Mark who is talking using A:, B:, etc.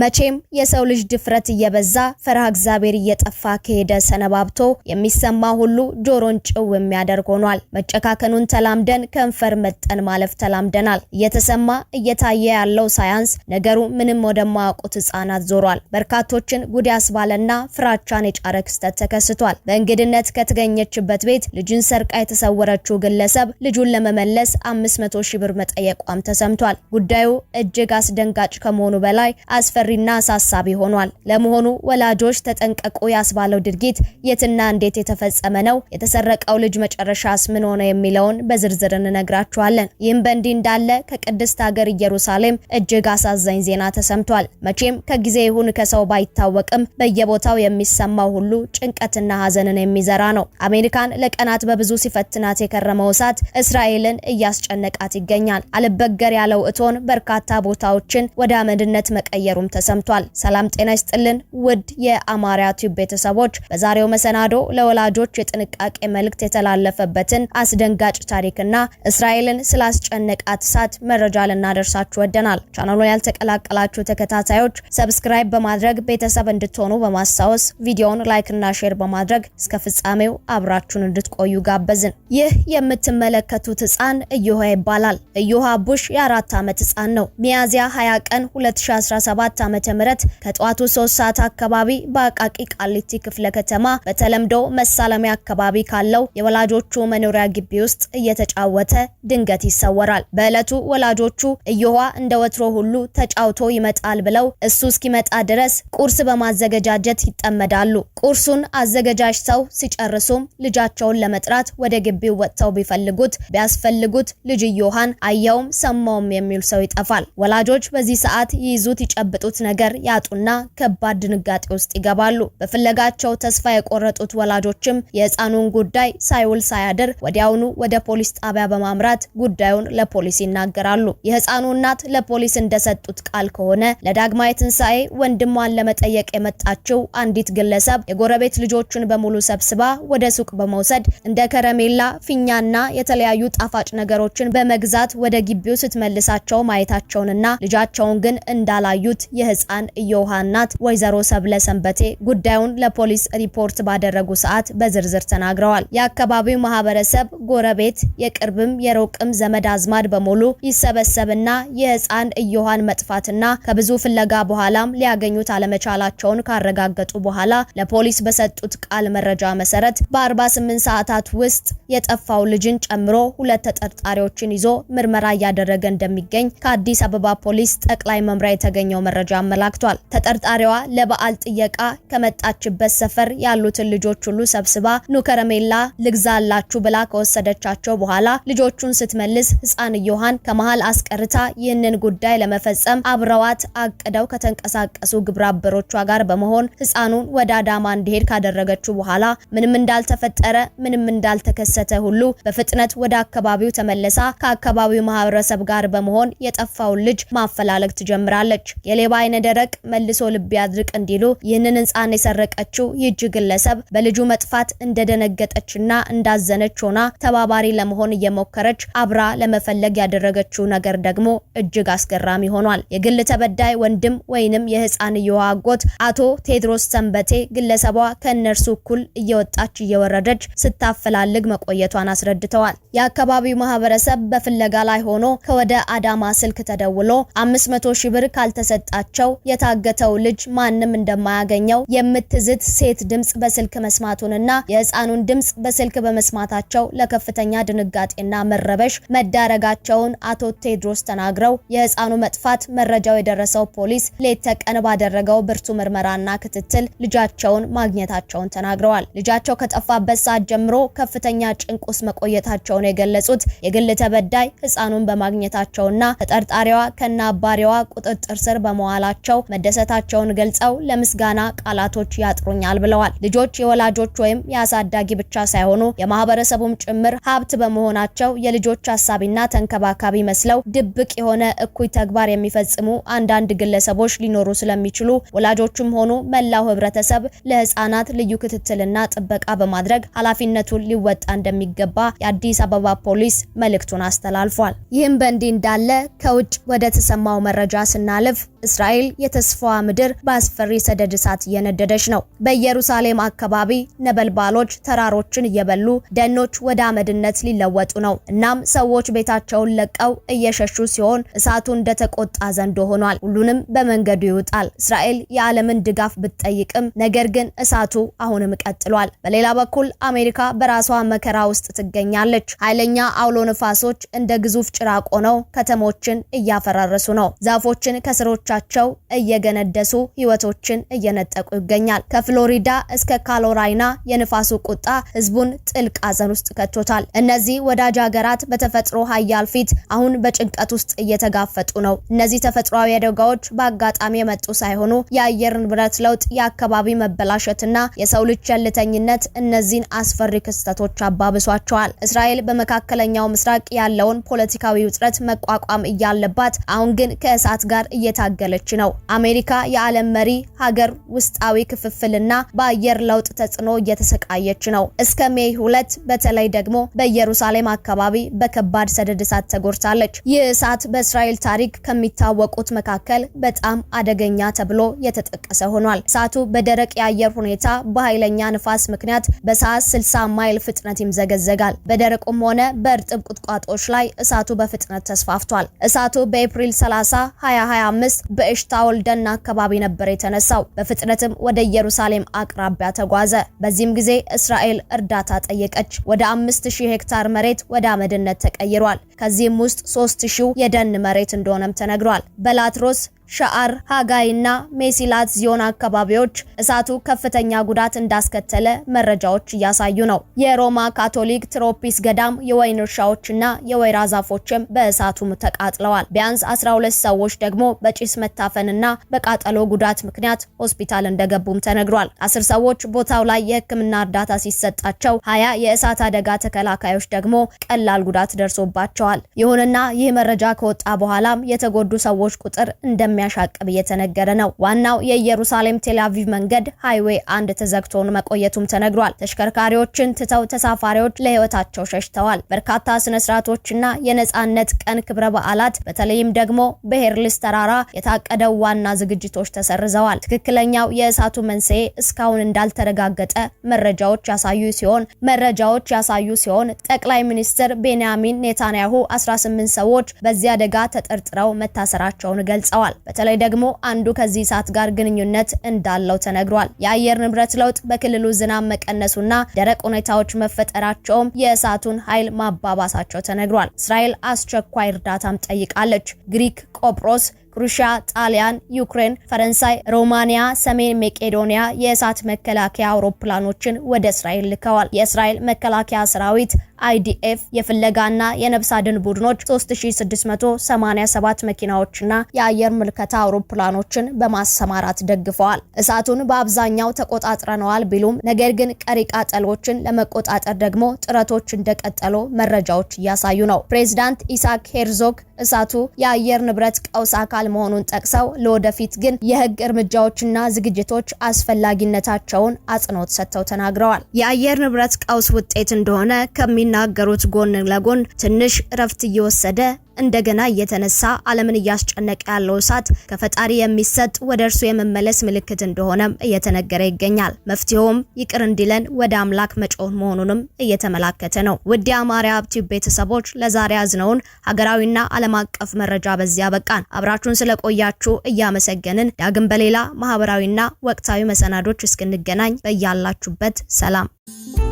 A: መቼም የሰው ልጅ ድፍረት እየበዛ ፈርሃ እግዚአብሔር እየጠፋ ከሄደ ሰነባብቶ የሚሰማ ሁሉ ጆሮን ጭው የሚያደርግ ሆኗል። መጨካከኑን ተላምደን ከንፈር መጠን ማለፍ ተላምደናል። እየተሰማ እየታየ ያለው ሳያንስ ነገሩ ምንም ወደማያውቁት ህጻናት ዞሯል። በርካቶችን ጉድ ያስባለና ፍራቻን የጫረ ክስተት ተከስቷል። በእንግድነት ከተገኘችበት ቤት ልጅን ሰርቃ የተሰወረችው ግለሰብ ልጁን ለመመለስ 500 ሺህ ብር መጠየቋም ተሰምቷል። ጉዳዩ እጅግ አስደንጋጭ ከመሆኑ በላይ አስፈ አስፈሪና አሳሳቢ ሆኗል። ለመሆኑ ወላጆች ተጠንቀቁ ያስባለው ድርጊት የትና እንዴት የተፈጸመ ነው? የተሰረቀው ልጅ መጨረሻስ ምን ሆነ? የሚለውን በዝርዝር እንነግራችኋለን። ይህም በእንዲህ እንዳለ ከቅድስት ሀገር ኢየሩሳሌም እጅግ አሳዛኝ ዜና ተሰምቷል። መቼም ከጊዜ ይሁን ከሰው ባይታወቅም በየቦታው የሚሰማው ሁሉ ጭንቀትና ሀዘንን የሚዘራ ነው። አሜሪካን ለቀናት በብዙ ሲፈትናት የከረመው እሳት እስራኤልን እያስጨነቃት ይገኛል። አልበገር ያለው እቶን በርካታ ቦታዎችን ወደ አመድነት መቀየሩም ተሰምቷል። ሰላም ጤና ይስጥልን ውድ የአማርያ ቲዩብ ቤተሰቦች፣ በዛሬው መሰናዶ ለወላጆች የጥንቃቄ መልእክት የተላለፈበትን አስደንጋጭ ታሪክና እስራኤልን ስላስጨነቃት እሳት መረጃ ልናደርሳችሁ ወደናል። ቻናሉን ያልተቀላቀላችሁ ተከታታዮች ሰብስክራይብ በማድረግ ቤተሰብ እንድትሆኑ በማስታወስ ቪዲዮውን ላይክና ሼር በማድረግ እስከ ፍጻሜው አብራችሁን እንድትቆዩ ጋበዝን። ይህ የምትመለከቱት ህፃን እዮሃ ይባላል። እዮሃ ቡሽ የአራት ዓመት ህፃን ነው። ሚያዝያ 20 ቀን 2017 2017 ዓ.ም ከጠዋቱ 3 ሰዓት አካባቢ በአቃቂ ቃሊቲ ክፍለ ከተማ በተለምዶ መሳለሚያ አካባቢ ካለው የወላጆቹ መኖሪያ ግቢ ውስጥ እየተጫወተ ድንገት ይሰወራል። በዕለቱ ወላጆቹ እየዋ እንደ ወትሮ ሁሉ ተጫውቶ ይመጣል ብለው እሱ እስኪመጣ ድረስ ቁርስ በማዘገጃጀት ይጠመዳሉ። ቁርሱን አዘገጃጅተው ሲጨርሱም ልጃቸውን ለመጥራት ወደ ግቢው ወጥተው ቢፈልጉት ቢያስፈልጉት ልጅ እየዋን አየውም ሰማውም የሚል ሰው ይጠፋል። ወላጆች በዚህ ሰዓት ይይዙት ይጨብጡ ያጡት ነገር ያጡና ከባድ ድንጋጤ ውስጥ ይገባሉ። በፍለጋቸው ተስፋ የቆረጡት ወላጆችም የህፃኑን ጉዳይ ሳይውል ሳያድር ወዲያውኑ ወደ ፖሊስ ጣቢያ በማምራት ጉዳዩን ለፖሊስ ይናገራሉ። የህፃኑ እናት ለፖሊስ እንደሰጡት ቃል ከሆነ ለዳግማዊ ትንሣኤ ወንድሟን ለመጠየቅ የመጣችው አንዲት ግለሰብ የጎረቤት ልጆቹን በሙሉ ሰብስባ ወደ ሱቅ በመውሰድ እንደ ከረሜላ፣ ፊኛና የተለያዩ ጣፋጭ ነገሮችን በመግዛት ወደ ግቢው ስትመልሳቸው ማየታቸውንና ልጃቸውን ግን እንዳላዩት የህፃን እየውሃ እናት ወይዘሮ ሰብለ ሰንበቴ ጉዳዩን ለፖሊስ ሪፖርት ባደረጉ ሰዓት በዝርዝር ተናግረዋል። የአካባቢው ማህበረሰብ ጎረቤት፣ የቅርብም የሩቅም ዘመድ አዝማድ በሙሉ ይሰበሰብና የህፃን እየውሃን መጥፋትና ከብዙ ፍለጋ በኋላም ሊያገኙት አለመቻላቸውን ካረጋገጡ በኋላ ለፖሊስ በሰጡት ቃል መረጃ መሰረት በ48 ሰዓታት ውስጥ የጠፋው ልጅን ጨምሮ ሁለት ተጠርጣሪዎችን ይዞ ምርመራ እያደረገ እንደሚገኝ ከአዲስ አበባ ፖሊስ ጠቅላይ መምሪያ የተገኘው መረጃ መረጃ አመላክቷል። ተጠርጣሪዋ ለበዓል ጥየቃ ከመጣችበት ሰፈር ያሉትን ልጆች ሁሉ ሰብስባ ኑ ከረሜላ ልግዛላችሁ ብላ ከወሰደቻቸው በኋላ ልጆቹን ስትመልስ ህፃን ዮሐን ከመሃል አስቀርታ ይህንን ጉዳይ ለመፈጸም አብረዋት አቅደው ከተንቀሳቀሱ ግብረ አበሮቿ ጋር በመሆን ህፃኑን ወደ አዳማ እንዲሄድ ካደረገችው በኋላ ምንም እንዳልተፈጠረ ምንም እንዳልተከሰተ ሁሉ በፍጥነት ወደ አካባቢው ተመልሳ ከአካባቢው ማህበረሰብ ጋር በመሆን የጠፋውን ልጅ ማፈላለግ ትጀምራለች። የሌባ በአይነ ደረቅ መልሶ ልብ ያድርቅ እንዲሉ ይህንን ህንፃን የሰረቀችው ይህች ግለሰብ በልጁ መጥፋት እንደደነገጠችና እንዳዘነች ሆና ተባባሪ ለመሆን እየሞከረች አብራ ለመፈለግ ያደረገችው ነገር ደግሞ እጅግ አስገራሚ ሆኗል። የግል ተበዳይ ወንድም ወይንም የህፃንየዋ አጎት አቶ ቴድሮስ ሰንበቴ ግለሰቧ ከእነርሱ እኩል እየወጣች እየወረደች ስታፈላልግ መቆየቷን አስረድተዋል። የአካባቢው ማህበረሰብ በፍለጋ ላይ ሆኖ ከወደ አዳማ ስልክ ተደውሎ 500 ሺህ ብር ካልተሰጣ ያላቸው የታገተው ልጅ ማንም እንደማያገኘው የምትዝት ሴት ድምጽ በስልክ መስማቱንና የህፃኑን ድምጽ በስልክ በመስማታቸው ለከፍተኛ ድንጋጤና መረበሽ መዳረጋቸውን አቶ ቴድሮስ ተናግረው የህፃኑ መጥፋት መረጃው የደረሰው ፖሊስ ሌት ተቀን ባደረገው ብርቱ ምርመራና ክትትል ልጃቸውን ማግኘታቸውን ተናግረዋል። ልጃቸው ከጠፋበት ሰዓት ጀምሮ ከፍተኛ ጭንቅ ውስጥ መቆየታቸውን የገለጹት የግል ተበዳይ ህፃኑን በማግኘታቸውና ተጠርጣሪዋ ከነ አባሪዋ ቁጥጥር ስር በመዋል በመማላቸው መደሰታቸውን ገልጸው ለምስጋና ቃላቶች ያጥሩኛል ብለዋል። ልጆች የወላጆች ወይም የአሳዳጊ ብቻ ሳይሆኑ የማህበረሰቡም ጭምር ሀብት በመሆናቸው የልጆች አሳቢና ተንከባካቢ መስለው ድብቅ የሆነ እኩይ ተግባር የሚፈጽሙ አንዳንድ ግለሰቦች ሊኖሩ ስለሚችሉ ወላጆችም ሆኑ መላው ህብረተሰብ ለህፃናት ልዩ ክትትልና ጥበቃ በማድረግ ኃላፊነቱን ሊወጣ እንደሚገባ የአዲስ አበባ ፖሊስ መልእክቱን አስተላልፏል። ይህም በእንዲህ እንዳለ ከውጭ ወደ ተሰማው መረጃ ስናልፍ እስራኤል የተስፋዋ ምድር በአስፈሪ ሰደድ እሳት እየነደደች ነው። በኢየሩሳሌም አካባቢ ነበልባሎች ተራሮችን እየበሉ ደኖች ወደ አመድነት ሊለወጡ ነው። እናም ሰዎች ቤታቸውን ለቀው እየሸሹ ሲሆን እሳቱ እንደተቆጣ ዘንዶ ሆኗል። ሁሉንም በመንገዱ ይውጣል። እስራኤል የዓለምን ድጋፍ ብትጠይቅም ነገር ግን እሳቱ አሁንም ቀጥሏል። በሌላ በኩል አሜሪካ በራሷ መከራ ውስጥ ትገኛለች። ኃይለኛ አውሎ ነፋሶች እንደ ግዙፍ ጭራቆ ነው ከተሞችን እያፈራረሱ ነው። ዛፎችን ከስሮቻ በጥረታቸው እየገነደሱ ህይወቶችን እየነጠቁ ይገኛል። ከፍሎሪዳ እስከ ካሎራይና የንፋሱ ቁጣ ህዝቡን ጥልቅ ሀዘን ውስጥ ከቶታል። እነዚህ ወዳጅ ሀገራት በተፈጥሮ ሀያል ፊት አሁን በጭንቀት ውስጥ እየተጋፈጡ ነው። እነዚህ ተፈጥሯዊ አደጋዎች በአጋጣሚ የመጡ ሳይሆኑ የአየር ንብረት ለውጥ፣ የአካባቢ መበላሸትና የሰው ልጅ ቸልተኝነት እነዚህን አስፈሪ ክስተቶች አባብሷቸዋል። እስራኤል በመካከለኛው ምስራቅ ያለውን ፖለቲካዊ ውጥረት መቋቋም እያለባት አሁን ግን ከእሳት ጋር እየታገ እየታገለች ነው። አሜሪካ የዓለም መሪ ሀገር ውስጣዊ ክፍፍልና በአየር ለውጥ ተጽዕኖ እየተሰቃየች ነው። እስከ ሜይ ሁለት በተለይ ደግሞ በኢየሩሳሌም አካባቢ በከባድ ሰደድ እሳት ተጎድታለች። ይህ እሳት በእስራኤል ታሪክ ከሚታወቁት መካከል በጣም አደገኛ ተብሎ የተጠቀሰ ሆኗል። እሳቱ በደረቅ የአየር ሁኔታ በኃይለኛ ንፋስ ምክንያት በሰዓት 60 ማይል ፍጥነት ይምዘገዘጋል። በደረቁም ሆነ በእርጥብ ቁጥቋጦዎች ላይ እሳቱ በፍጥነት ተስፋፍቷል። እሳቱ በኤፕሪል 30 2025 በኤሽታኦል ደን አካባቢ ነበር የተነሳው። በፍጥነትም ወደ ኢየሩሳሌም አቅራቢያ ተጓዘ። በዚህም ጊዜ እስራኤል እርዳታ ጠየቀች። ወደ 5000 ሄክታር መሬት ወደ አመድነት ተቀይሯል። ከዚህም ውስጥ 3000 የደን መሬት እንደሆነም ተነግሯል። በላትሮስ ሻአር ሃጋይና ሜሲላት ዚዮን አካባቢዎች እሳቱ ከፍተኛ ጉዳት እንዳስከተለ መረጃዎች እያሳዩ ነው። የሮማ ካቶሊክ ትሮፒስ ገዳም የወይን እርሻዎችና የወይራ ዛፎችም በእሳቱ ተቃጥለዋል። ቢያንስ 12 ሰዎች ደግሞ በጭስ መታፈንና በቃጠሎ ጉዳት ምክንያት ሆስፒታል እንደገቡም ተነግሯል። አስር ሰዎች ቦታው ላይ የሕክምና እርዳታ ሲሰጣቸው፣ ሀያ የእሳት አደጋ ተከላካዮች ደግሞ ቀላል ጉዳት ደርሶባቸዋል። ይሁንና ይህ መረጃ ከወጣ በኋላም የተጎዱ ሰዎች ቁጥር እንደሚ እንደሚያሻቅብ እየተነገረ ነው። ዋናው የኢየሩሳሌም ቴልአቪቭ መንገድ ሃይዌይ አንድ ተዘግቶን መቆየቱም ተነግሯል። ተሽከርካሪዎችን ትተው ተሳፋሪዎች ለህይወታቸው ሸሽተዋል። በርካታ ስነ ስርዓቶችና የነጻነት ቀን ክብረ በዓላት በተለይም ደግሞ በሄርልስ ተራራ የታቀደው ዋና ዝግጅቶች ተሰርዘዋል። ትክክለኛው የእሳቱ መንስኤ እስካሁን እንዳልተረጋገጠ መረጃዎች ያሳዩ ሲሆን መረጃዎች ያሳዩ ሲሆን ጠቅላይ ሚኒስትር ቤንያሚን ኔታንያሁ 18 ሰዎች በዚህ አደጋ ተጠርጥረው መታሰራቸውን ገልጸዋል። በተለይ ደግሞ አንዱ ከዚህ እሳት ጋር ግንኙነት እንዳለው ተነግሯል። የአየር ንብረት ለውጥ በክልሉ ዝናብ መቀነሱና ደረቅ ሁኔታዎች መፈጠራቸውም የእሳቱን ኃይል ማባባሳቸው ተነግሯል። እስራኤል አስቸኳይ እርዳታም ጠይቃለች። ግሪክ ቆጵሮስ ሩሽያ፣ ጣሊያን፣ ዩክሬን፣ ፈረንሳይ፣ ሮማንያ፣ ሰሜን መቄዶንያ የእሳት መከላከያ አውሮፕላኖችን ወደ እስራኤል ልከዋል። የእስራኤል መከላከያ ሰራዊት አይዲኤፍ የፍለጋና የነብስ አድን ቡድኖች 3687 መኪናዎችና የአየር ምልከታ አውሮፕላኖችን በማሰማራት ደግፈዋል። እሳቱን በአብዛኛው ተቆጣጥረነዋል ቢሉም ነገር ግን ቀሪ ቃጠሎችን ለመቆጣጠር ደግሞ ጥረቶች እንደቀጠሉ መረጃዎች እያሳዩ ነው። ፕሬዚዳንት ኢሳክ ሄርዞግ እሳቱ የአየር ንብረት ቀውስ አካል ቃል መሆኑን ጠቅሰው ለወደፊት ግን የህግ እርምጃዎችና ዝግጅቶች አስፈላጊነታቸውን አጽንኦት ሰጥተው ተናግረዋል። የአየር ንብረት ቀውስ ውጤት እንደሆነ ከሚናገሩት ጎን ለጎን ትንሽ እረፍት እየወሰደ እንደገና እየተነሳ ዓለምን እያስጨነቀ ያለው እሳት ከፈጣሪ የሚሰጥ ወደ እርሱ የመመለስ ምልክት እንደሆነም እየተነገረ ይገኛል። መፍትሄውም ይቅር እንዲለን ወደ አምላክ መጮህ መሆኑንም እየተመላከተ ነው። ውድ የአማርያ ሀብት ቤተሰቦች ለዛሬ ያዝነውን ሀገራዊና ዓለም አቀፍ መረጃ በዚያ በቃን። አብራችሁን ስለቆያችሁ እያመሰገንን ዳግም በሌላ ማህበራዊና ወቅታዊ መሰናዶች እስክንገናኝ በያላችሁበት ሰላም